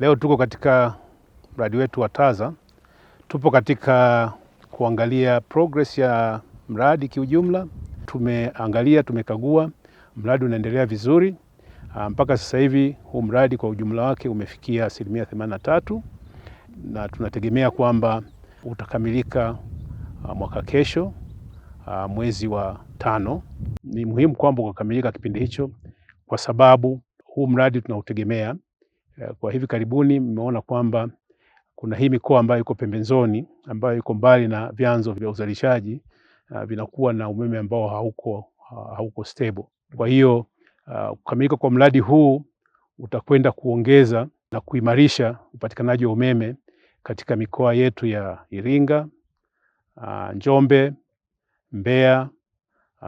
Leo tuko katika mradi wetu wa TAZA, tupo katika kuangalia progress ya mradi kiujumla. Tumeangalia, tumekagua, mradi unaendelea vizuri ah, mpaka sasa hivi. Huu mradi kwa ujumla wake umefikia asilimia 83 na tunategemea kwamba utakamilika ah, mwaka kesho ah, mwezi wa tano. Ni muhimu kwamba ukakamilika kipindi hicho, kwa sababu huu mradi tunautegemea Eh, kwa hivi karibuni mmeona kwamba kuna hii mikoa ambayo iko pembezoni ambayo iko mbali na vyanzo vya uzalishaji eh, vinakuwa na umeme ambao hauko, hauko stable. Kwa hiyo eh, kukamilika kwa mradi huu utakwenda kuongeza na kuimarisha upatikanaji wa umeme katika mikoa yetu ya Iringa, Njombe, Mbeya,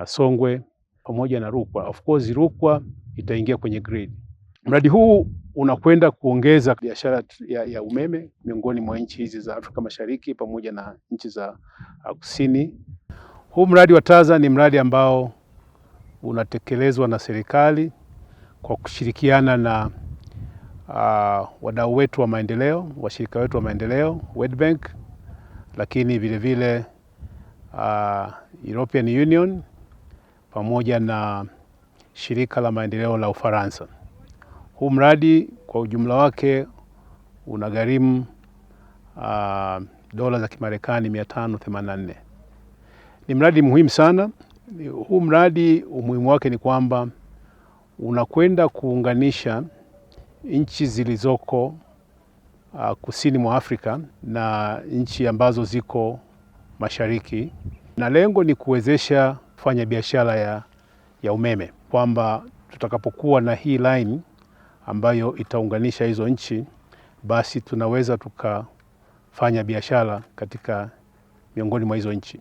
Songwe pamoja na Rukwa. Of course Rukwa itaingia kwenye grid. Mradi huu unakwenda kuongeza biashara ya, ya umeme miongoni mwa nchi hizi za Afrika Mashariki pamoja na nchi za uh, kusini. Huu mradi wa TAZA ni mradi ambao unatekelezwa na serikali kwa kushirikiana na uh, wadau wetu wa maendeleo, washirika wetu wa maendeleo World Bank, lakini vile uh, European Union pamoja na shirika la maendeleo la Ufaransa. Huu mradi kwa ujumla wake unagharimu uh, dola za Kimarekani 584. Ni mradi muhimu sana. Huu mradi umuhimu wake ni kwamba unakwenda kuunganisha nchi zilizoko uh, kusini mwa Afrika na nchi ambazo ziko mashariki, na lengo ni kuwezesha kufanya biashara ya, ya umeme kwamba tutakapokuwa na hii line ambayo itaunganisha hizo nchi, basi tunaweza tukafanya biashara katika miongoni mwa hizo nchi.